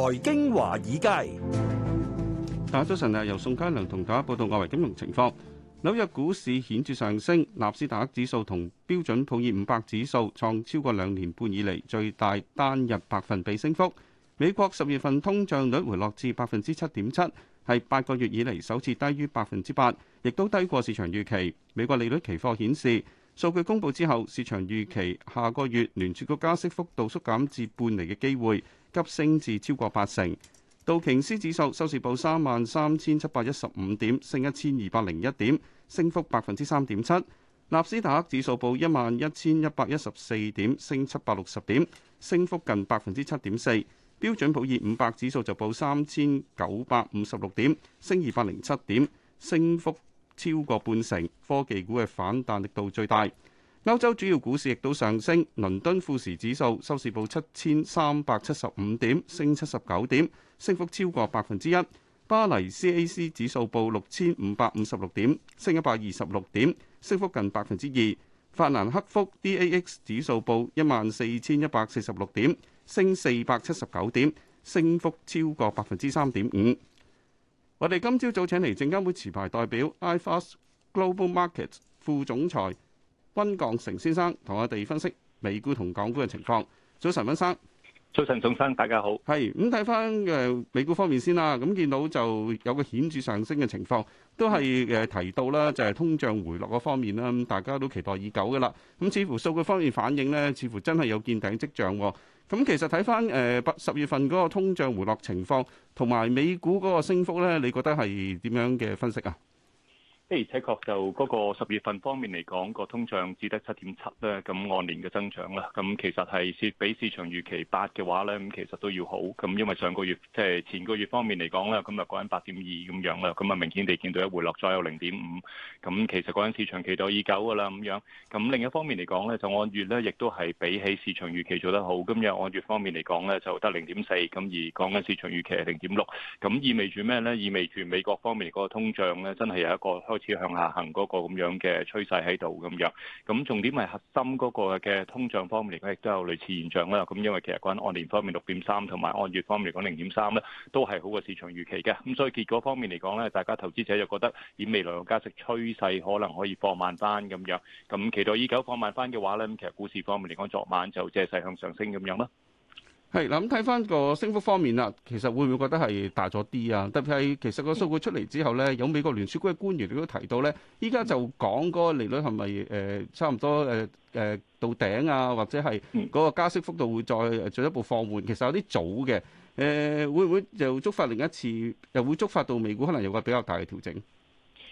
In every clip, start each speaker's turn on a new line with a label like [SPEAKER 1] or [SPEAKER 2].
[SPEAKER 1] 財經華爾街，大早晨啊！由宋佳良同大家報道外圍金融情況。紐約股市顯著上升，納斯達克指數同標準普爾五百指數創超過兩年半以嚟最大單日百分比升幅。美國十月份通脹率回落至百分之七點七，係八個月以嚟首次低於百分之八，亦都低過市場預期。美國利率期貨顯示。數據公佈之後，市場預期下個月聯儲局加息幅度縮減至半厘嘅機會急升至超過八成。道瓊斯指數收市報三萬三千七百一十五點，升一千二百零一點，升幅百分之三點七。納斯達克指數報一萬一千一百一十四點，升七百六十點，升幅近百分之七點四。標準普爾五百指數就報三千九百五十六點，升二百零七點，升幅，超過半成，科技股嘅反彈力度最大。歐洲主要股市亦都上升，倫敦富時指數收市報七千三百七十五點，升七十九點，升幅超過百分之一。巴黎 CAC 指數報六千五百五十六點，升一百二十六點，升幅近百分之二。法蘭克福 DAX 指數報一萬四千一百四十六點，升四百七十九點，升幅超過百分之三點五。我哋今朝早，早請嚟證監會持牌代表 iFast Global Markets 副總裁温鋼成先生，同我哋分析美股同港股嘅情況。早晨，温生。早晨，眾生，大家好。係咁睇返嘅美股方面先啦，咁見到就有個顯著上升嘅情況，都係誒提到啦，就係通脹回落嗰方面啦，大家都期待已久嘅啦。咁似乎數據方面反映咧，似乎真係有見頂跡象。咁其實睇返誒十月份嗰個通脹回落情況，同埋美股嗰個升幅咧，你覺得係點樣嘅分析啊？
[SPEAKER 2] 誒，且、hey, 確就嗰個十月份方面嚟講，個通脹只得七點七咧，咁按年嘅增長啦，咁其實係市比市場預期八嘅話咧，咁其實都要好。咁因為上個月即係、就是、前個月方面嚟講咧，咁就講緊八點二咁樣啦，咁啊明顯地見到一回落咗有零點五。咁其實講緊市場期待已久㗎啦，咁樣。咁另一方面嚟講咧，就按月咧，亦都係比起市場預期做得好。咁樣按月方面嚟講咧，就得零點四，咁而講緊市場預期係零點六。咁意味住咩咧？意味住美國方面個通脹咧，真係有一個開似向下行嗰個咁樣嘅趨勢喺度咁樣，咁重點係核心嗰個嘅通脹方面嚟講，亦都有類似現象啦。咁因為其實講緊按年方面六點三，同埋按月方面嚟講零點三咧，都係好過市場預期嘅。咁所以結果方面嚟講咧，大家投資者就覺得以未來嘅加息趨勢，可能可以放慢翻咁樣。咁期待已久放慢翻嘅話咧，咁其實股市方面嚟講，昨晚就借勢向上升咁樣啦。
[SPEAKER 1] 係嗱，咁睇翻個升幅方面啦，其實會唔會覺得係大咗啲啊？特別係其實個數據出嚟之後咧，有美國聯儲局嘅官員亦都提到咧，依家就講嗰個利率係咪誒差唔多誒誒到頂啊，或者係嗰個加息幅度會再，再進一步放緩，其實有啲早嘅誒，會唔會
[SPEAKER 2] 又觸發另一次，又會觸發到美股可能有個比較大嘅調整？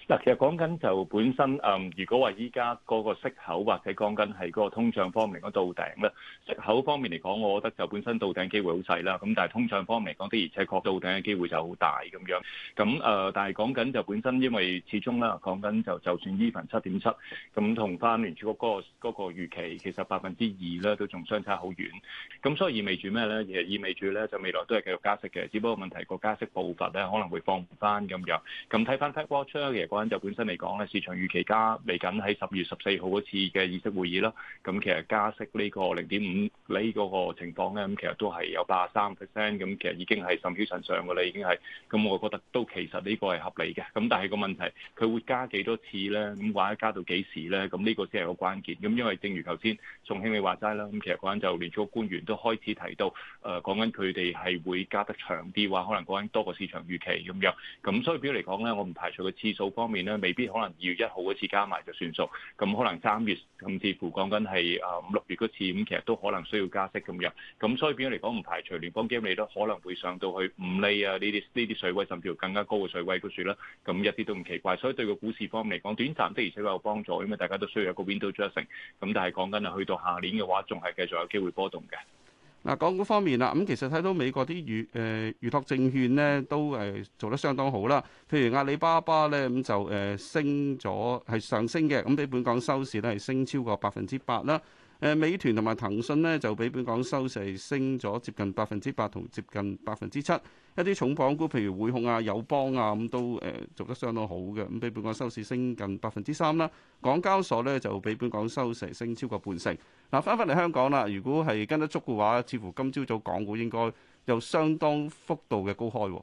[SPEAKER 2] 嗱，其實講緊就本身，誒，如果話依家嗰個息口或者講緊係嗰個通脹方面講到頂咧，息口方面嚟講，我覺得就本身到頂機會好細啦。咁但係通脹方面嚟講，的而且確到頂嘅機會就好大咁樣。咁誒，但係講緊就本身，因為始終啦，講緊就就算依份七點七，咁同翻聯儲局嗰個預期，其實百分之二咧都仲相差好遠。咁所以意味住咩咧？其實意味住咧，就未來都係繼續加息嘅，只不過問題個加息步伐咧可能會放唔翻咁樣。咁睇翻 Tech Watch 嘅。就本身嚟講咧，市場預期加，嚟緊喺十月十四號嗰次嘅議息會議啦。咁其實加息呢個零點五厘嗰個個情況咧，咁其實都係有八十三 percent，咁其實已經係甚囂塵上㗎啦，已經係。咁我覺得都其實呢個係合理嘅。咁但係個問題，佢會加幾多次咧？咁或者加到幾時咧？咁呢個先係個關鍵。咁因為正如頭先宋慶你話齋啦，咁其實嗰陣就聯儲官員都開始提到，誒講緊佢哋係會加得長啲，話可能講緊多過市場預期咁樣。咁所以表嚟講咧，我唔排除個次數方面咧，未必可能二月一號嗰次加埋就算數，咁可能三月甚至乎講緊係啊五六月嗰次，咁其實都可能需要加息咁樣，咁所以變咗嚟講，唔排除聯邦基金你都可能會上到去五釐啊，呢啲呢啲水位甚至乎更加高嘅水位嗰處啦，咁一啲都唔奇怪，所以對個股市方面嚟講，短暫的而且有幫助，因為大家都需要有個 window dressing，咁但係講緊啊去到下年嘅話，仲係繼續有機會波動嘅。
[SPEAKER 1] 嗱，港股方面啦，咁其實睇到美國啲預，誒預託證券咧都誒做得相當好啦。譬如阿里巴巴咧，咁就誒、呃、升咗，係上升嘅，咁比本港收市咧係升超過百分之八啦。誒美團同埋騰訊呢，就比本港收市升咗接近百分之八同接近百分之七，一啲重磅股譬如匯控啊、友邦啊咁都誒、呃、做得相當好嘅，咁比本港收市升近百分之三啦。港交所呢，就比本港收市升超過半成。嗱、啊，翻返嚟香港啦，如果係跟得足嘅話，似乎今朝早港股應該有相當幅度嘅高開。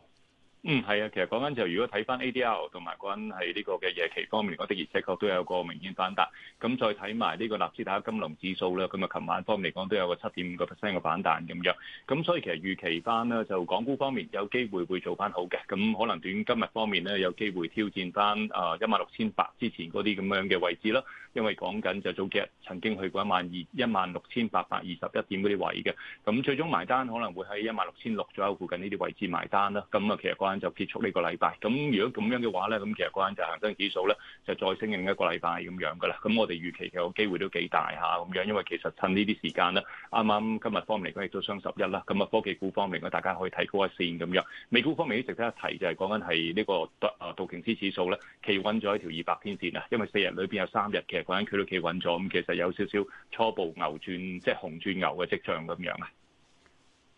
[SPEAKER 2] 嗯，係啊，其實講緊就如果睇翻 ADR 同埋講緊係呢個嘅夜期方面嚟講，的而且確都有個明顯反彈。咁再睇埋呢個納斯達克金龍指數啦，咁啊，琴晚方面嚟講都有個七點五個 percent 嘅反彈咁樣。咁所以其實預期翻呢，就港股方面有機會會做翻好嘅。咁可能短今日方面呢，有機會挑戰翻啊一萬六千八之前嗰啲咁樣嘅位置咯。因為講緊就早幾日曾經去過一萬二、一萬六千八百二十一點嗰啲位嘅，咁最終埋單可能會喺一萬六千六左右附近呢啲位置埋單啦。咁啊，其實講緊就結束呢個禮拜。咁如果咁樣嘅話咧，咁其實講緊就恒生指數咧就再升另一個禮拜咁樣噶啦。咁我哋預期嘅機會都幾大下咁樣，因為其實趁呢啲時間啦，啱啱今日方面嚟講亦都雙十一啦。咁啊，科技股方面大家可以睇高一線咁樣。美股方面值得一提就係、是、講緊係呢個杜、啊、道瓊斯指數咧企穩咗一條二百天線啊，因為四日裏邊有三日其講喺佢都企穩咗，咁其實有少少初步牛轉，即係紅轉牛嘅跡象咁樣啊。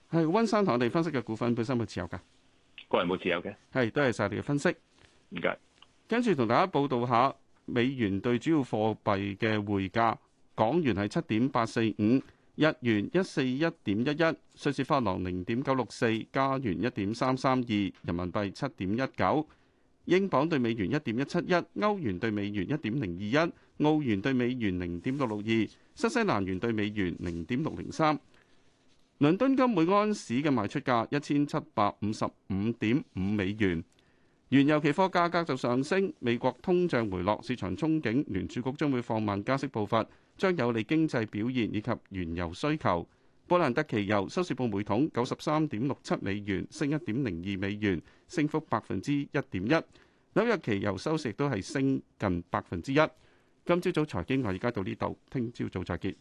[SPEAKER 1] 係溫生同我哋分析嘅股份本身冇持有噶，
[SPEAKER 2] 個人冇持有嘅，
[SPEAKER 1] 係多謝晒你嘅分析。唔該。佳，跟住同大家報道下美元對主要貨幣嘅匯價，港元係七點八四五，日元一四一點一一，瑞士法郎零點九六四，加元一點三三二，人民幣七點一九。英鎊兌美元一點一七一，歐元兌美元一點零二一，澳元兌美元零點六六二，新西蘭元兌美元零點六零三。倫敦金每安士嘅賣出價一千七百五十五點五美元。原油期貨價格就上升，美國通脹回落，市場憧憬聯儲局將會放慢加息步伐，將有利經濟表現以及原油需求。布蘭特期油收市報每桶九十三點六七美元，升一點零二美元，升幅百分之一點一。紐約期油收市都係升近百分之一。今朝早財經我而家到呢度，聽朝早再見。